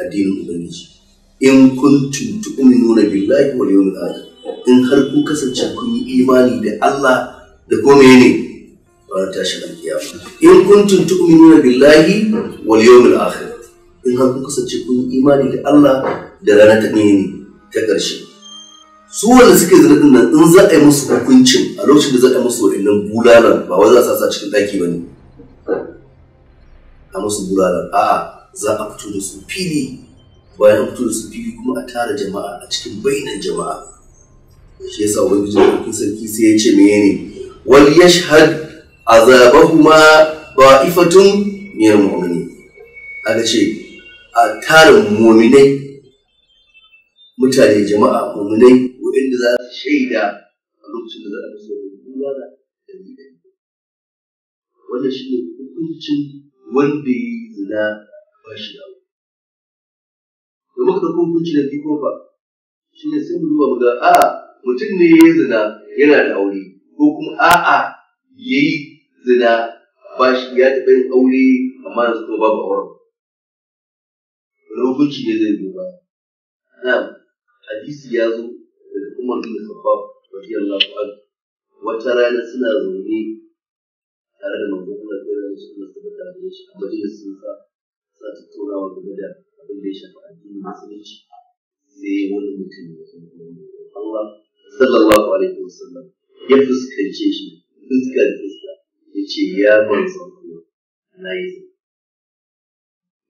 addinin ubangiji in mai nuna billahi wa yau da in har kun kasance kun yi imani da Allah da gome ne ranar tashin alkiyama in mai nuna billahi yau da akhir in har kun kasance kun yi imani da Allah da ranar ta ne ta ƙarshe su wanda suke zina nan in za a yi musu hukuncin a lokacin da za a yi musu nan bulalan ba wai za a sa cikin ɗaki ba ne a musu bulalan a'a za a fito da su fili bayan a fito da su fili kuma a tara jama'a a cikin bainar jama'a shi yasa jin da sarki sai ya ce ne wal yashhad azabahuma ba'ifatun min mu'mini aka ce a tara muminai mutane jama'a muminai waɗanda za su shaida a lokacin da za a musu wani da dalilai wannan shi ne hukuncin wanda ya yi zina ba shi abu da muka ɗauko hukunci da biyu ba shi ne sai mu zuba mu ga a'a mutum ne ya yi zina yana da aure ko kuma a'a ya yi zina ba shi ya taɓa yin aure amma yanzu kuma babu auren wani hukunci ne zai duba Na'am, hadisi ya zo daga umar bin khattab radiyallahu anhu wata rana suna zaune tare da manzon Allah sai da su suka tabbata da shi a majalisin suna tattaunawa game da abin da ya shafi addini musulunci sai wani mutum ya san Allah sallallahu alaihi sallam, ya fuskance shi fuskar fuska ya ce ya manzon Allah na yi zai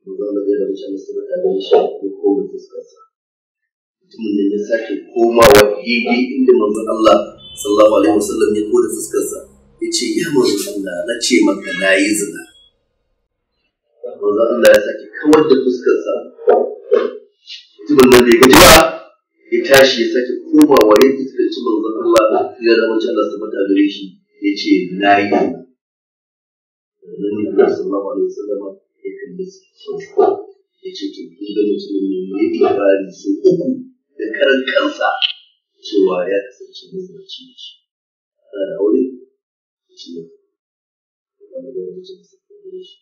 manzon Allah zai rabu shan musulun ta gani shi ya koma fuskarsa mutumin da ya sake komawa daidai inda manzon Allah sallallahu alaihi sallam ya koma fuskarsa ya ce ya manzon Allah na ce maka na yi zina manzo Allah ya sake kawar da fuskarsa mutumin nan bai gaji ba ya tashi ya sake komawa ya fuskanci manzo Allah ya da wancan Allah sama da gare shi ya ce na yi Annabi Allah sallallahu alaihi wasallam ya kalle shi ya ce to kun ga mutumin nan ne ya fara su uku da karan kansa cewa ya kasance mazinaci ne shi ana da aure shi ne ba da mutum da shi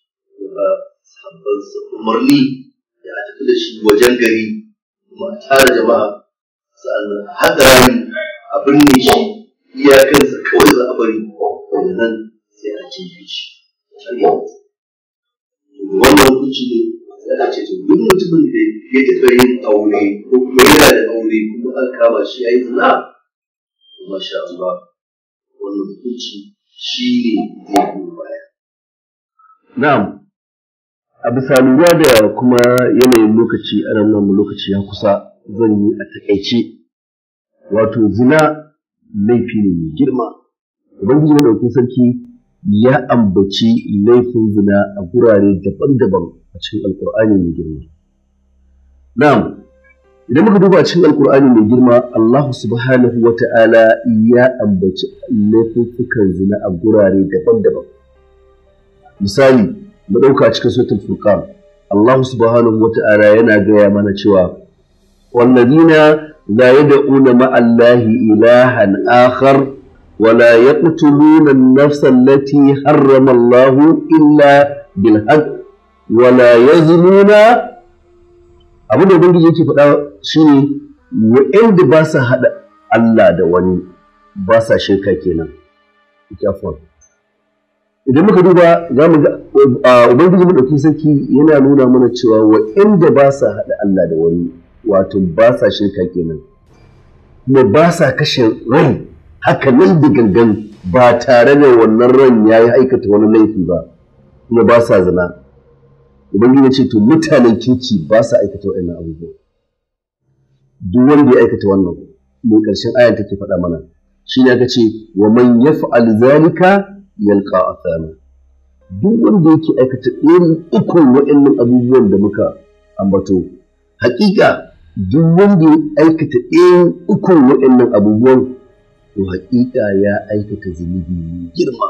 sahabbansa umarni ya tafi da shi wajen gari kuma a tara jama'a sa'annan haɗa rami a binne shi iyakansa kawai za a bari daga nan sai a cikin shi wannan hukunci ne ya ce to duk mutumin da ya tafi yin aure ko kuma yana da aure kuma an kama shi ya yi zina sha Allah wannan hukunci shi ne zai baya. Na'am, a bisa lura da kuma yanayin lokaci a nan lokaci ya kusa zan yi a takaice wato zina laifi ne mai girma ubangiji na ɗauki sarki ya ambaci laifin zina a gurare daban-daban a cikin alkur'ani mai girma na'am idan muka duba cikin alkur'ani mai girma Allah subhanahu wa ta'ala ya ambaci laifukan zina a gurare daban-daban misali mu ɗauka cikin suratul furqan Allah subhanahu wata'ala yana gaya mana cewa wallazina la yad'una ma'allahi ilahan akhar an-nafsa allati harrama Allah illa bil haqq wa la يزنون abin da ubangiji yake faɗa shine wa'anda ba sa haɗa Allah da wani ba sa shirka kenan ikafon idan muka duba za mu ga ubangiji dauki sarki yana nuna mana cewa wa inda ba sa haɗa Allah da wani wato ba sa shirka kenan kuma ba sa kashe rai haka nan da gangan ba tare da wannan ran ya yi aikata wani laifi ba kuma ba sa zina ubangiji ya ce to mutanen kirki ba sa aikata waɗannan abubuwa duk wanda ya aikata wannan mai ƙarshen ayan take faɗa mana shi ne aka ce wa man yaf'al zalika a athama duk wanda yake aikata irin ukun wa'annan abubuwan da muka ambato hakika duk wanda ya aikata irin ukun wa'annan abubuwan to hakika ya aikata zunubi mai girma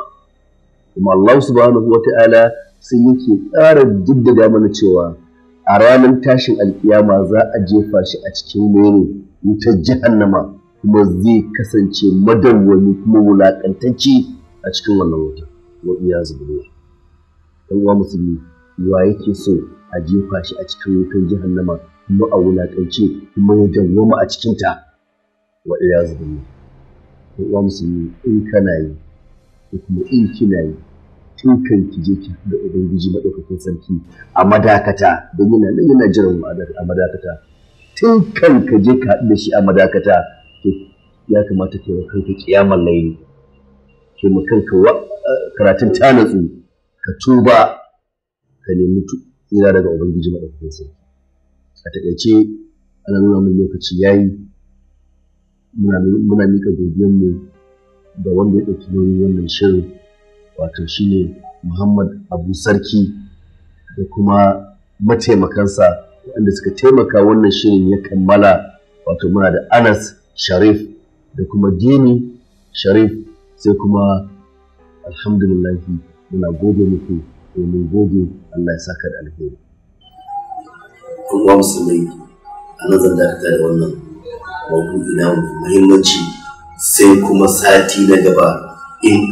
kuma Allah subhanahu wata'ala sai yake ƙara jaddada mana cewa a ranar tashin alƙiyama za a jefa shi a cikin mene wutar jahannama kuma zai kasance madawwami kuma wulaƙantacce a cikin wannan wuta wa iya zubulla dan uwa musulmi wa yake so a jefa shi a cikin wutan jahannama kuma a wulakance kuma ya mu a cikin ta wa iya zubulla dan uwa musulmi in kana yi kuma in kina yi tun kan ki je ki da ubangiji madaukakin sarki a madakata don yana nan yana jiran a madakata tun kan ka je ka haɗu da shi a madakata ya kamata ka yi kanka kiyamar laili ke kanka eh, karatun ta natsu ka tuba ka nemi tsira daga ubangiji madaukakin sarki a taƙaice ana nuna min lokaci yayi muna mika godiyar mu da wanda ya ɗauki nauyin wannan shirin wato shi ne muhammad abu sarki da kuma mataimakansa waɗanda suka taimaka wannan shirin ya kammala wato muna da anas sharif da kuma dini sharif sai kuma alhamdulillah muna goge muku domin goge Allah ya saka da alheri kuma musulmai a nazar da dakata da wannan maudu'i ina muhimmanci sai kuma sati na gaba in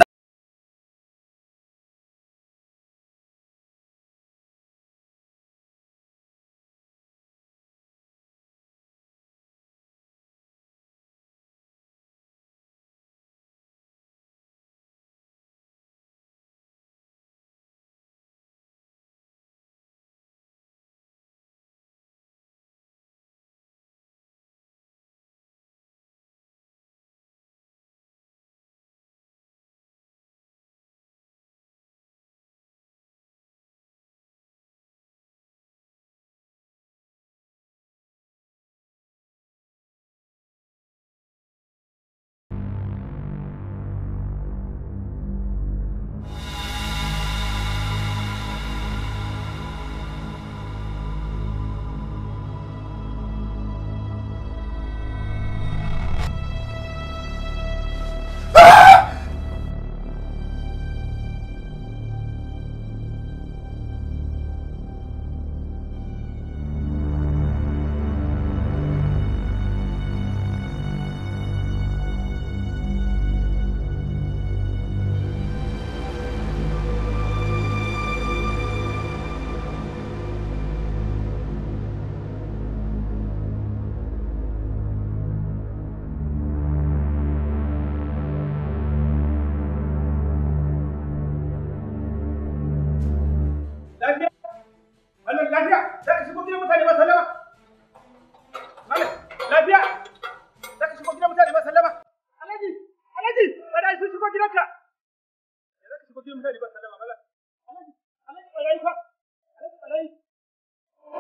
misali ba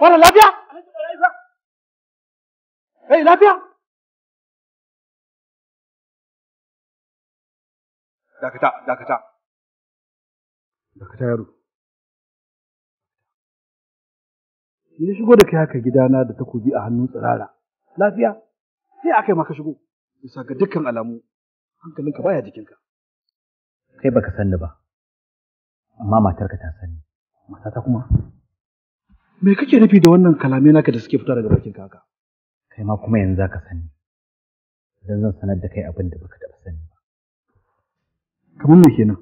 wala lafiya alhaji barayi lafiya dakata dakata dakata yaro ya shigo da kai haka gidana da takobi a hannun tsirara lafiya sai aka yi maka shigo bisa ga dukkan alamu hankalinka baya jikinka kai baka san sanni ba amma matarka ta sani. Matata kuma? Me kake nufi da wannan kalamai naka da suke fita daga bakin kaka? Kai ma kuma yanzu ka sani. Idan zan sanar da kai abin da baka taɓa sani ba. Kamar me kenan?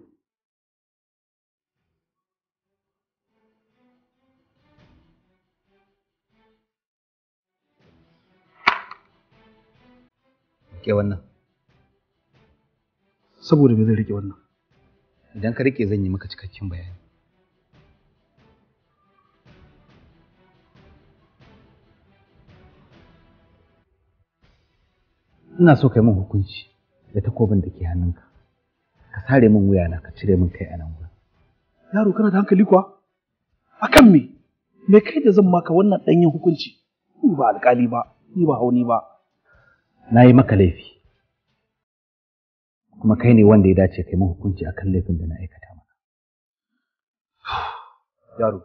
Rike wannan. Saboda me zai rike wannan? idan ka rike zan yi maka cikakken bayani ina so ka yi min hukunci da takobin da ke hannunka ka sare min na ka cire min kai anan nan gurin yaro kana da hankali kuwa akan me me kai da zan maka wannan ɗanyen hukunci ni ba alƙali ba ni ba hauni ba na yi maka laifi kuma kai ne wanda ya dace kai mun hukunci a kan laifin da na aikata maka. yaro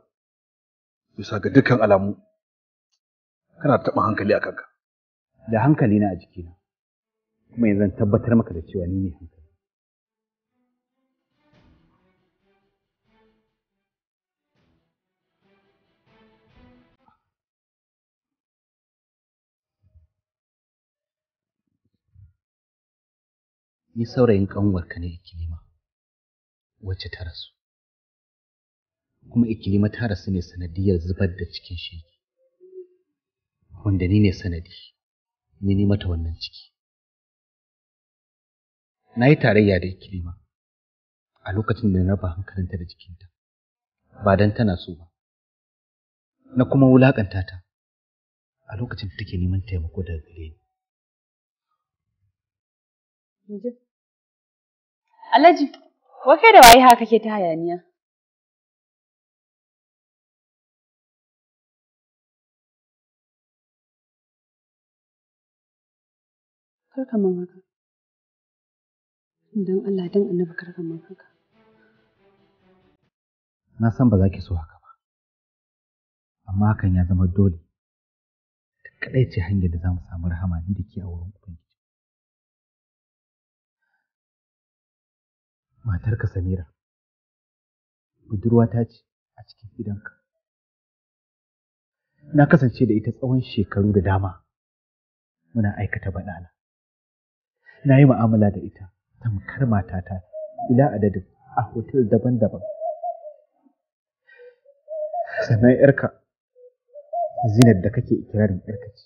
bisa ga dukkan alamu kana taɓa hankali a kanka da hankali na a jikina kuma yanzu tabbatar maka da cewa ni ne hankali ni saurayin ƙanwarka ne ikilima wacce ta rasu kuma ikilima ta rasu ne sanadiyar zubar da cikin shi wanda ni ne sanadi ni ne mata wannan ciki na yi tarayya da ikilima a lokacin da na raba hankalinta da jikinta ba don tana so ba na kuma wulaƙanta ta a lokacin da take neman taimako da gare ni Alhaji, wake da waye haka kake ta hayaniya? Kar ka haka. Don Allah don annabi kar ka haka. Na san ba za ki so haka ba, amma hakan ya zama dole. Ta kaɗai ce hanyar da za mu samu rahama ni da ke a wurin Ubangiji. matarka Samira, budurwata ce a cikin gidanka. Na kasance da ita tsawon shekaru da dama muna aikata baɗala. Na yi ma'amala da ita tamkar matata ila adadin a hotel daban-daban. Sannan ‘yarka zinar da kake ikirarin ‘yarka ce,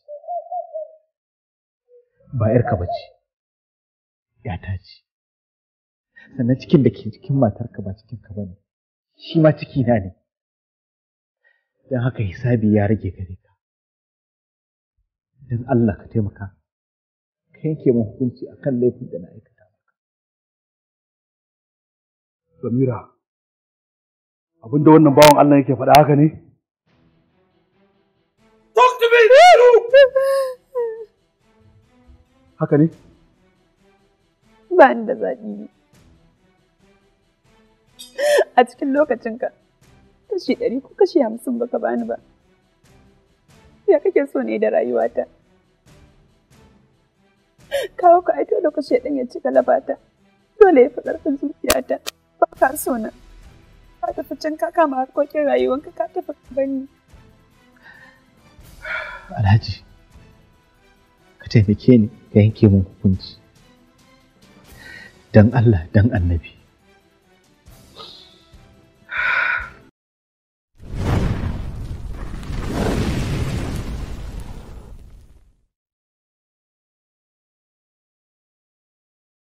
ba ‘yarka ba ce, ‘yata ce. sannan cikin da ke cikin matarka ba cikin ka bane shi ma ciki na ne don haka hisabi ya rage gare ka don Allah ka taimaka ka yanke mun hukunci akan laifin da na aikata maka Samira abinda wannan bawan Allah yake faɗa haka ne Haka ne? Ba ni da zaɓi ne. a cikin lokacinka kashi ɗari ko kashi hamsin baka bani ba ya kake so ne da rayuwata kawo ka aito da kashe ɗin ya ci galabata dole ya fi ƙarfin zuciyata ba ka so na ka tafi can ka kama harkokin rayuwanka ka tafi bani alhaji ka taimake ni ka yanke mun hukunci dan Allah dan annabi